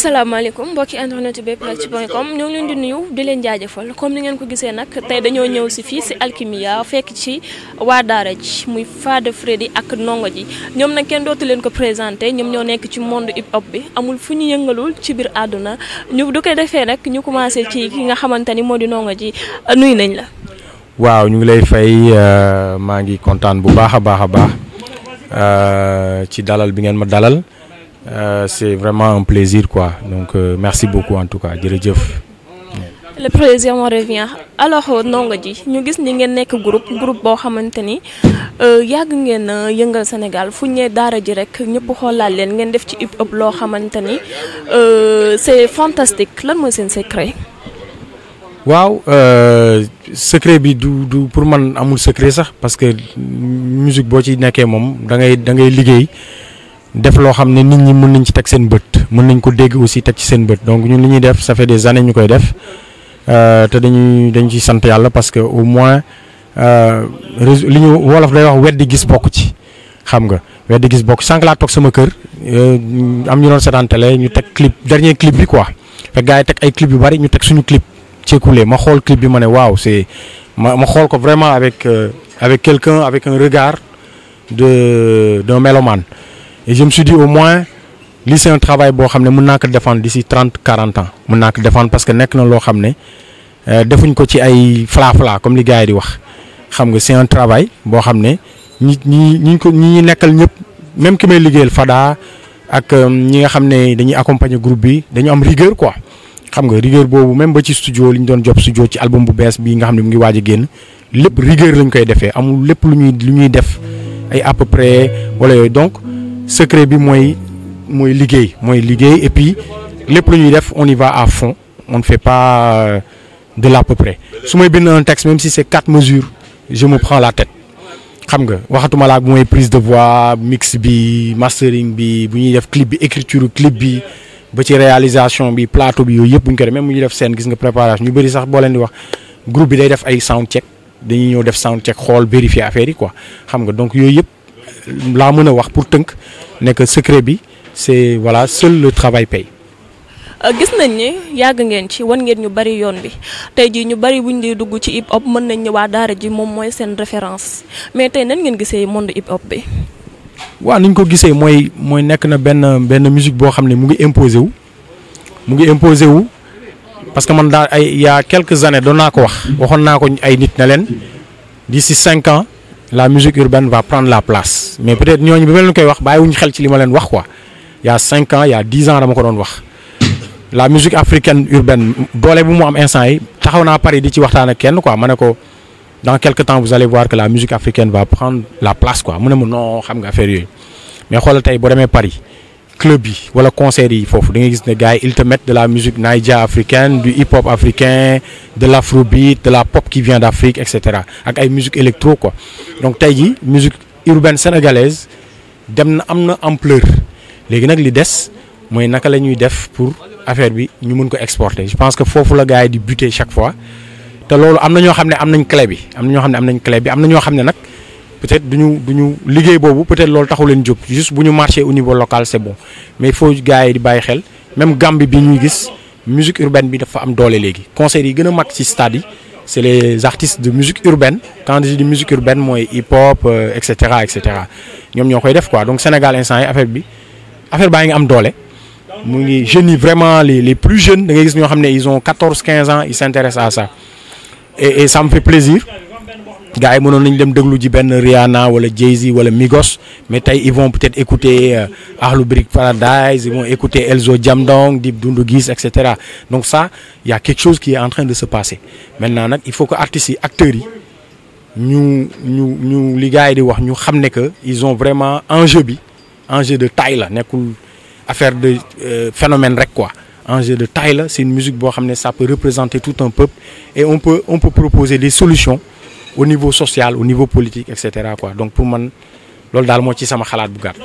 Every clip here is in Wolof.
asalaamaaleykum mbokki internet bi Bpactu.com ñoo ngi leen di nuyu di leen jaajëfal comme ni ngeen ko gisee nag tey dañoo ñëw si fii si Alkimia fekk ci waa daara ji muy Fada Freddy ak ndongo ji ñoom nag kenn dootu leen ko présenté ñoom ñoo nekk ci monde hip hop bi amul fu ñu yëngalul ci biir àdduna ñu du koy defee nag ñu commencé ci ki nga xamante ni moo di ndongo ji nuyu nañ la. waaw ñu ngi lay fay euh, maa ngi kontaan bu baax a baax a baax euh, ci dalal bi ngeen ma dalal. Euh, c'est vraiment un plaisir quoi. Donc euh, merci beaucoup en tout cas jërëjëf. le plaisir moo revient alors euh, ndongo ji ñu gis ni ngeen nekk group group boo xamante ni euh, yàgg ngeen yëngal Sénégal fu ñee daara ji rek ñëpp xoolaat leen ngeen def ci hip hop loo xamante ni c'est fantastique lan mooy seen secret. waaw secret bi du du pour man amul secret sax parce que musique boo ci nekkee moom da ngay da ngay liggéey. def loo xam ne nit ñi mën nañ ci teg seen bët mën nañ ko dégg aussi teg ci seen bët donc ñun li ñuy def ça fait des années ñu koy def euh, te dañuy dañ ciy sant yàlla parce que au moins euh, li ñu wolof day wax weddi gis bokk ci xam nga weddi gis bokk sànq laa toog sama kër euh, am ñu doon seetaan ñu teg clip dernier clip bi quoi fekk gars yi teg ay clip yu bari ñu teg suñu clip ceekule ma xool clip bi ma ne waaw c'est ma ma xool ko vraiment avec avec quelqu'un avec un regard de et je au moins lii c'est boo xam ne mun naa ko di si trente quarante ans mun naa ko défendre parce que nekk na loo xam ne euh, defuñ ko ci ay fla-fla comme li gars yi di wax xam nga c'est un travail boo xam ne ñi ñi ñi ko ñi nekkal ñëpp même ki may liggéeyal Fada ak euh, ñi nga xam ne dañuy accompagner groupe bi dañu am rigueur quoi xam nga rigueur boobu même ba ci studio li ñu doon job studio ci album bu bees bii nga xam ne mu ngi waaj a génn lépp rigueur lañ koy defee amul lépp lu ñuy lu ñuy def ay à peu près yooyu donc. secret bi mooy mooy liggéey mooy liggéey et puis lépp lu ñuy def on y va à fond on ne fait pas euh, de l'à peu près su may bind un texte même si c'est quatre mesures je me prends la tête xam nga waxatuma laa mooy prise de voix mix bi mastering bi bu ñuy def clip bi écriture clip bi ba ci réalisation bi plateau bi yooyu yëpp bu ñu ko def même bu def scène gis nga préparation ñu bëri sax boo leen di wax groupe bi day def ay sound check dañuy ñëw def sound check xool vérifier affaire yi quoi xam nga donc yooyu yëpp. laa mën a wax pour tënk nekk secret bi c'est voilà seul le travail paye. Euh, gis nañ ni yàgg ngeen ci wan ngeen ñu bari yoon bi tey jii ñu bari wuñ di dugg ci hip hop mën nañ waa daara ji moom mooy seen référence mais tey nan ngeen gisee monde hip hop bi. waaw ni ko gisee mooy mooy nekk na benn benn musique boo xam ne mu ngi imposé wu mu ngi imposé wu parce que man daal ay y a quelques années doon naa ko wax waxoon naa ko ay nit na leen d'ici cinq ans la musique urbaine va prendre la place. mais peut être ñooñu bi ma leen koy wax bàyyiwuñu xel ci li ma leen cinq ans y' dix ans dama ko doon wax. la musique africaine urbaine boole bu mu am instant yi taxaw naa Paris di ci waxtaan ak kenn quoi ma ne ko dans quelque temps vous allez voir que la musique africaine va prendre la place quoi mu ne ma non xam nga affaire yooyu mais xoolal tey boo demee Paris. club yi wala concert yi foofu da ngay gis ne gars yi de la musique naija africaine du hip hop africain de l' afrobeat la pop qui vient d' Afrique et cetera ak ay musique électro quoi donc tey ji urbaine sénégalaise dem na am na ampleur léegi nag li des mooy naka la ñuy def pour affaire bi ñu mën ko exporter je pense que foofu la gars yi di buter chaque fois te loolu am na ñoo xam ne am nañ clé bi am na ñoo xam ne am nañ clé bi am na ñoo xam ne nag peut-être duñu ñu liggéey boobu peut-être loolu taxu leen jóg juste bu ñu marché au niveau local c'est bon mais il faut yi di bàyyi xel même Gambie bi ñuy gis musique urbaine bi dafa am doole léegi concert yi gën a mag ci stade yi. c'est les artistes de musique urbaine quand je dis musique urbaine mooy hip hop euh, et cetera et cetera ñoo koy def quoi donc Sénégal instant yi affaire bi affaire ba ngi am doole mu ngi jeunes yi vraiment les les plus jeunes da ngay gis ñoo xam ne ils ont quatorze quinze ans ils s'intéressent à ça et et ça me fait plaisir. gars yi mënoon nañ dem déglu ji benn Rihanna wala Jay-Z Migos mais tey ils vont peut-être écouter euh, Akhlou Brick Paradise ils vont écouter Elzo Jamdong Dip Doundou Guiss et cetera donc ça y a quelque chose qui est en train de se passer maintenant nag il faut que artistes yi acteurs yi ñu ñu ñu li gars yi di wax ñu xam ne que ils ont vraiment enjeu bi enjeu de taille la nekkul affaire de euh, phénomène rek quoi enjeu de taille la c'est une musique boo xam ne ça peut représenter tout un peuple et on peut on peut proposer des solutions au niveau social au niveau politique et cetera quoi donc pour man loolu daal moo ci sama xalaat bu gàtt.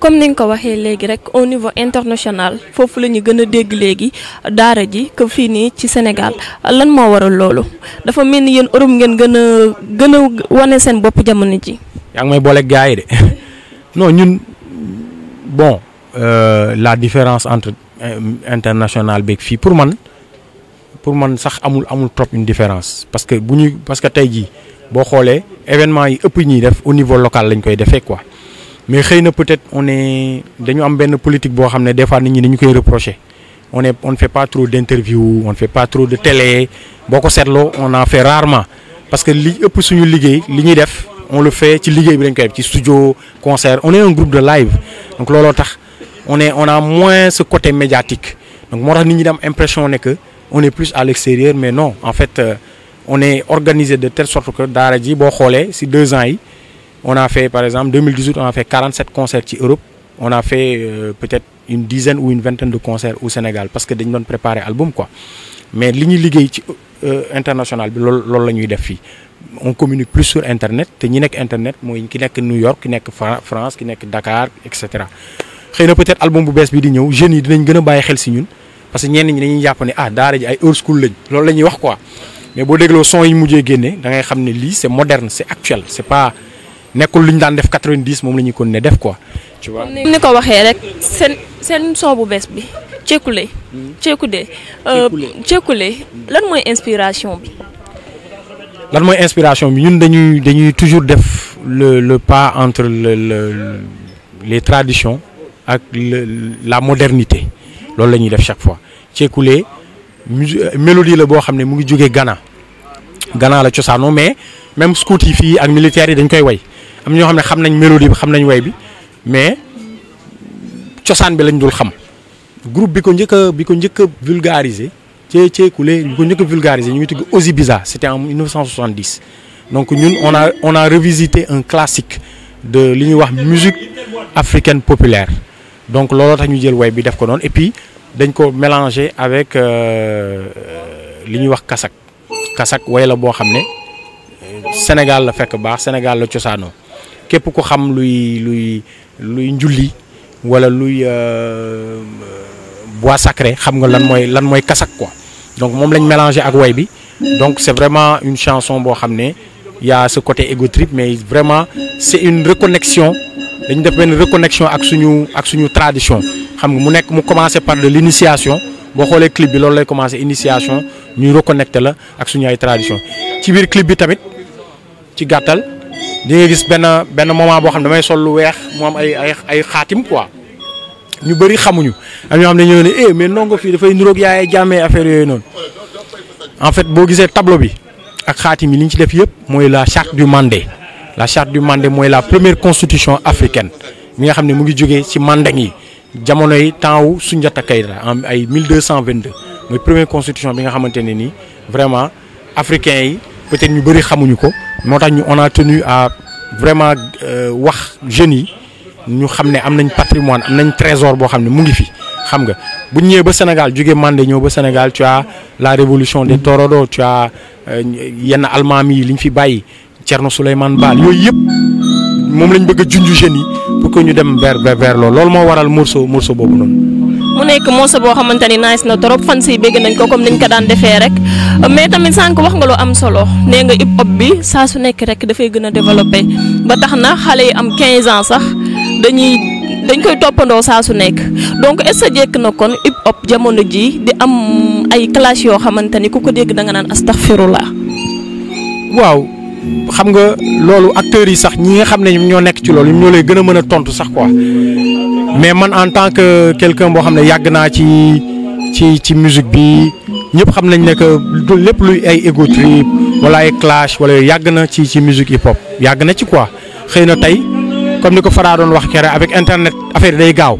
comme ni nga ko waxee léegi rek au niveau international foofu la ñu gën a dégg léegi daara ji que fii nii ci Sénégal lan moo waral loolu dafa mel ni yéen Europe ngeen gën a gën a wane seen bopp jamono ji. yaa ngi may boole gars yi de non ñun bon euh, la différence entre euh, international beeg fii pour man. pour man sax amul amul trop une différence parce que bu ñuy parce que tey ji boo xoolee événement yi ëpp ñuy def au niveau local lañ koy defee quoi mais xëy na peut-être on est dañu am benn politique boo xam ne des fois nit ñi dañu koy reprocher on est on ne fait pas trop d'interview on ne fait pas trop de télé boo ko seetloo on en fait rarement parce que li ëpp suñu liggéey li ñuy def on le fait ci liggéey bi dañ koy def ci studio concert on est un groupe de live donc looloo tax on est on côté médiatique donc moo tax nit ñi di am impression on est plus à l'extérieur mais non en fait euh, on est organisé de telle sorte que daara ji boo xoolee si deux ans yi on a fait par exemple 2018 on a fait 47 concerts ci Europe on a fait euh, peut-être une dizaine ou une vingtaine de concerts au Sénégal parce que dañ doon préparer album quoi mais li ñuy liggéey ci euh, international bi loolu loolu la ñuy def fii on communique plus sur internet te ñi nekk internet mooy ki nekk New York ki nekk France ki nekk Dakar et cetera xëy na peut-être album bu bees bi di ñëw jeunes yi dinañ gën a bàyyi xel si ñun parce que ñenn ñi dañuy jàpp ni ah daara ji ay old school lañ loolu la ñuy wax quoi mais boo dégloo son yi mujjee génne dangay xam ne lii c'est moderne c'est actuel c'est pas nekkul lu ñu daan def 90 moom la ñuy kon ne def quoi. tu vois ni ko waxee rek seen seen son bu bees bi Cekule. Cekule euh, Cekule lan mooy inspiration bi. lan mooy inspiration bi ñun dañuy dañuy toujours def le le pas entre le le les traditions ak la modernité. loolu la ñuy def chaque fois ceekule euh, mélodie la boo xam ne mu ngi jógee Ghana Ghana la cosaanoo mais même scout yi fii ak militaires yi dañ koy way am ñoo xam ne xam nañ mélodie bi xam nañ way bi mais cosaan bi lañ dul xam groupe bi ko njëkk a bi ko njëkk a vulgariser cee ceekule bi ko njëkk a vulgariser ñu ngi tudd Ozibiza c'était en 1970 donc ñun on a on a revisité un classique de li ñuy wax musique africaine populaire donc looloo tax ñu jël way bi def ko noonu et puis dañ ko mélanger avec euh, li ñuy wax kasak kasak way la boo xam ne Sénégal la fekk baax Sénégal la cosaanoo képp ko xam luy luy luy njulli wala luy euh, bois sacré xam nga lan mooy lan mooy kasak quoi donc moom lañ mélanger ak way bi donc c'est vraiment une chanson boo xam ne yaa a ce côté égo mais vraiment c'est une reconnexion dañu def benn reconnexion ak suñu ak suñu tradition xam nga mu nekk mu commencé par de l'initiation boo xoolee clip bi loolu lay commencé initiation ñuy reconnecté la ak suñu ay tradition ci biir clip bi tamit ci gàttal di nga gis benn benn moment boo xam ne damay sol lu weex moom ay ay ay xaatim quoi ñu bëri xamuñu am ñoo xam ne ñoo ne eh, mais nongo fii dafay niroog yaay jàmmee affaire yooyu noonu en fait boo gisee tableau bi ak xaatim yi li ñu ci def yëpp mooy la charte du la charte du Mandé mooy la première constitution africaine mi nga xam ne mu ngi jógee ci mandeng yi jamonoy temps wu Sunjata Kayita en ay 1222 mooy première constitution bi nga xamante ne nii vraiment africains yi peut-être ñu bëri xamuñu ko moo tax ñu on a tenu à vraiment euh, wax jeunes yi ñu xam ne am nañ patrimoine am nañ trésor boo xam ne mu ngi fi xam nga bu ñëwee ba Sénégal jógee Mandé ñëw ba Sénégal tu as la révolution de Torodo tu euh, yenn almaami yi li ñu fi bàyyi Thierno Souleymane Baal yooyu yëpp moom lañ bëgg a junj jeunes yi pour ko ñu dem vers vers loolu loolu moo waral morceau morceau boobu noonu. mu nekk morceau boo xamante ni nice na trop fan si bégg nañ ko comme niñ ko daan defee rek mais tamit sànq wax nga loo am solo nee nga hip hop bi saa su nekk rek dafay gën a développé ba tax na xale yi am quinze ans sax dañuy dañ koy toppandoo saa su nekk donc est-ce que jekk na kon hip hop jamono ji di am ay clash yoo xamante ni ku ko dégg da nga naan astaghfirullah waaw. xam nga loolu acteurs yi sax ñi nga xam ne ñoo nekk ci loolu ñoo lay gën a mën a tontu sax quoi mais man en tant que quelqu'un boo xam ne yàgg naa ci ci ci musique bi ñëpp xam nañ ne que lépp luy ay ego trip wala ay clash wala yàgg na ci ci musique hip hop yàgg na ci quoi xëy na tey comme ni ko faraa doon wax kere avec internet affaire day gaaw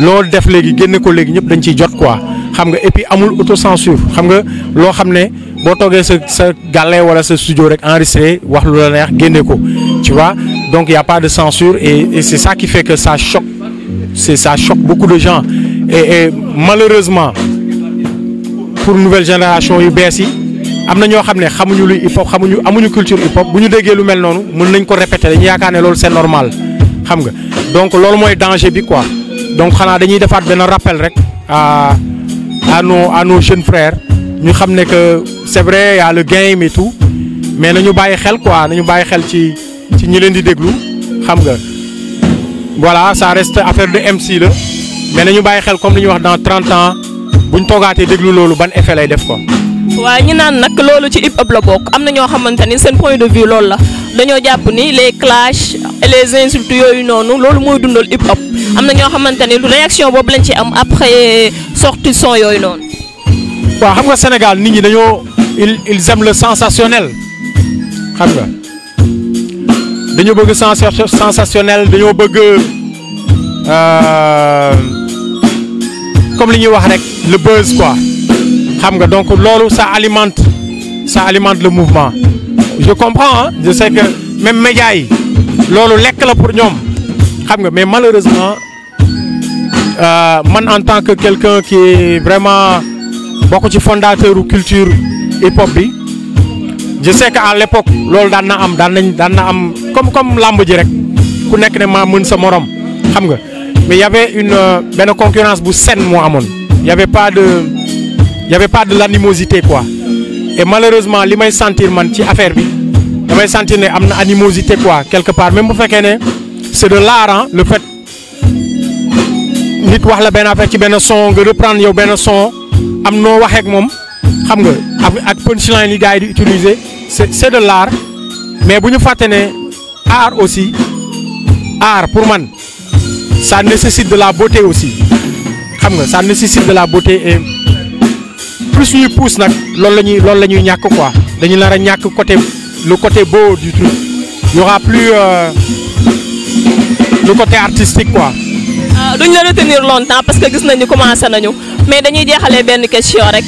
loolu def léegi génne ko léegi ñëpp dañ ciy jot quoi xam nga amul puis amul autocensure xam nga loo xam ne boo toogee sa sa gàlle wala sa studio rek enregistré wax lu la neex génne ko tu waa donc y a pas de censure et et c'est ça qui fait que ça choque c'est ça choque beaucoup de gens et, et malheureusement pour nouvelle génération yu bees yi am na ñoo xam ne xamuñu luy hip hop xamuñu amuñu culture hip hop bu ñu déggee lu mel noonu mun nañ ko répéter dañu yaakaar ne loolu c'est normal xam nga donc loolu mooy danger bi quoi donc xanaa dañuy defaat benn rappel rek à à nos à ñu xam ne que c'est vrai y a le game et tout mais nañu bàyyi xel quoi ñu bàyyi xel ci ci ñi leen di déglu xam nga voilà ça reste affaire de MC la mais nañu bàyyi xel comme li ñuy wax dans trente ans bu ñu toogaatee déglu loolu ban effet lay def ko waaw ñu naan nag loolu ci hip hop la bokk am na ñoo xamante ni seen point de vue loolu la dañoo jàpp ni les clashs et les insultes yooyu noonu loolu mooy dundal hip hop am na ñoo xamante ni réaction boobu lañ ci am après sorti son yooyu noonu. waaw xam nga Sénégal nit ñi dañoo ils ils aiment le sensationnel xam nga dañoo bëgg sensationnel dañoo bëgg euh, comme li ñuy wax rek le buzz quoi xam nga donc loolu ça alimente sa alimente le mouvement je comprends hein je sais que même médias yi loolu lekk la pour ñoom xam nga mais malheureusement euh, man en tant que quelqu'un qui est vraiment bokk ci fondateur culture hip hop bi je sais que à l'époque loolu daan na am daan nañ daan na am comme comme làmb ji rek ku nekk ne maa mën sa morom xam nga mais y une euh, benn concurrence bu saine moo amoon y avait pas de y avait pas de l'animosité quoi et malheureusement li may sentir man ci affaire bi damay sentir ne am na animosité quoi quelque part même bu fekkee ne c'est de l'art le fait nit wax la bena affaire ci benn son nga reprendre yow benn son am noo waxeek moom xam nga ak ak punchline yi gars yi di utiliser c'est c'est de laar mais bu ñu fàtte ne art aussi art pour man ça nécessite de la beauté aussi xam nga ça nécessite de la beauté et plus ñuy pousse nag lool la ñuy loolu la ñuy ñàkk quoi dañu nar ñàkk côté le côté beau du truc y aura plus euh, côté artistique quoi. Ah, duñ la retenir longtemps parce que gis nañu commencé nañu mais dañuy jeexalee benn question rek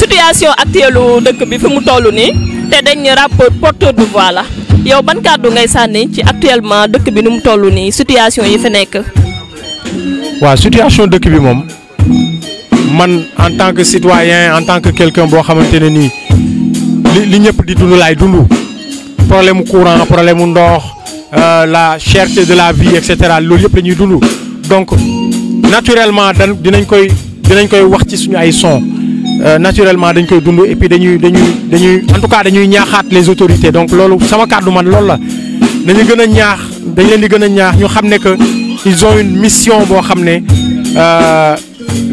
situation actuelle dëkk bi fi mu toll nii te dañ rapport porteur de voix la yow ban kàddu ngay sànni ci actuellement dëkk bi nu mu toll nii situation yi fi nekk. waaw situation dëkk bi moom man en tant que citoyen en tant que quelqu'un boo xamante ne nii li li ñëpp di dund laay dund problème mu courant problème mu ndox euh, la cherté de la vie et loolu yëpp la ñuy dund donc naturellement dañ koy. dinañ koy wax ci suñu ay son euh, naturellement dañ koy dund et dañuy dañuy dañuy en dañuy ñaaxaat les autorités donc loolu sama kàddu man loolu la dañu gën a ñaax dañ leen di gën a ñaax ñu xam ne que ils ont une mission boo xam ne euh,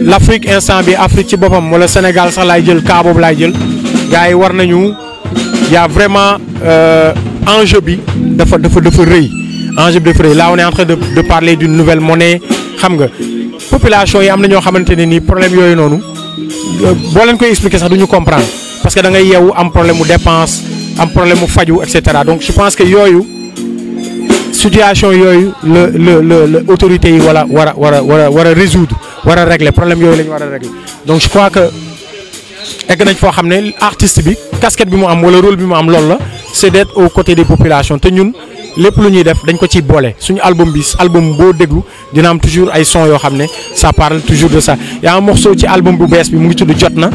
l'Afrique instant bi Afrique ci boppam wala Sénégal sax laay jël cas boobu laay jël gars war nañu y a vraiment euh, enjeu bi dafa dafa dafa rëy enjeu bi dafa rëy là on est en de de parler d'une nouvelle monnaie xam nga population yi am na ñoo xamante ne nii problème yooyu noonu boo leen koy expliquer sax du ñu comprendre parce que da ngay yeewu am problème mu dépense am problème mu faju et donc je pense que yooyu situation yooyu la la la la autorité yi war a war a war a war a résoudre war a régler problème yooyu la ñu war a régler donc je crois que egg nañ foo xam ne artist bi casquette bi mu am wala rôle bi mu am loolu la c'est d'être au côté des population te ñun. lépp lu ñuy def dañ ko ciy boole suñu album bi album boo déglu dina am toujours ay son yoo xam ne ça parle toujours de ça yaa am morceau ci album bu bees bi mu ngi tudd jot na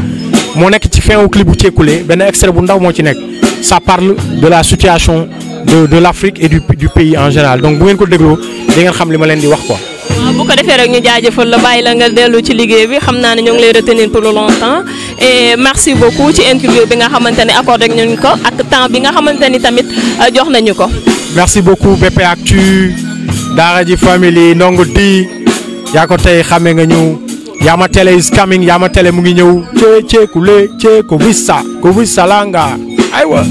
moo nekk ci fin wu clip bu ceekule benn extrait bu ndaw moo ci nekk ça parle de la situation de de l' Afrique et du pays en général donc bu ngeen ko dégloo di ngeen xam li ma leen di wax quoi. Ah, bu ko defee rek ñu jaajëfal la bàyyi la nga dellu ci liggéey bi xam naa ne ñoo ngi lay retenir pour longtemps et merci ci interview bi nga xamante ne accordé nañu ko ak temps bi nga xamante ni tamit euh, jox nañu ko. merci beaucoup BP Actu Daara J Family Ndongo di yaa ko tey xame nga ñu Yama Tele is coming Yama Tele mu ngi ñëw cee cee kule cee ko wissa ko wissa langa aywa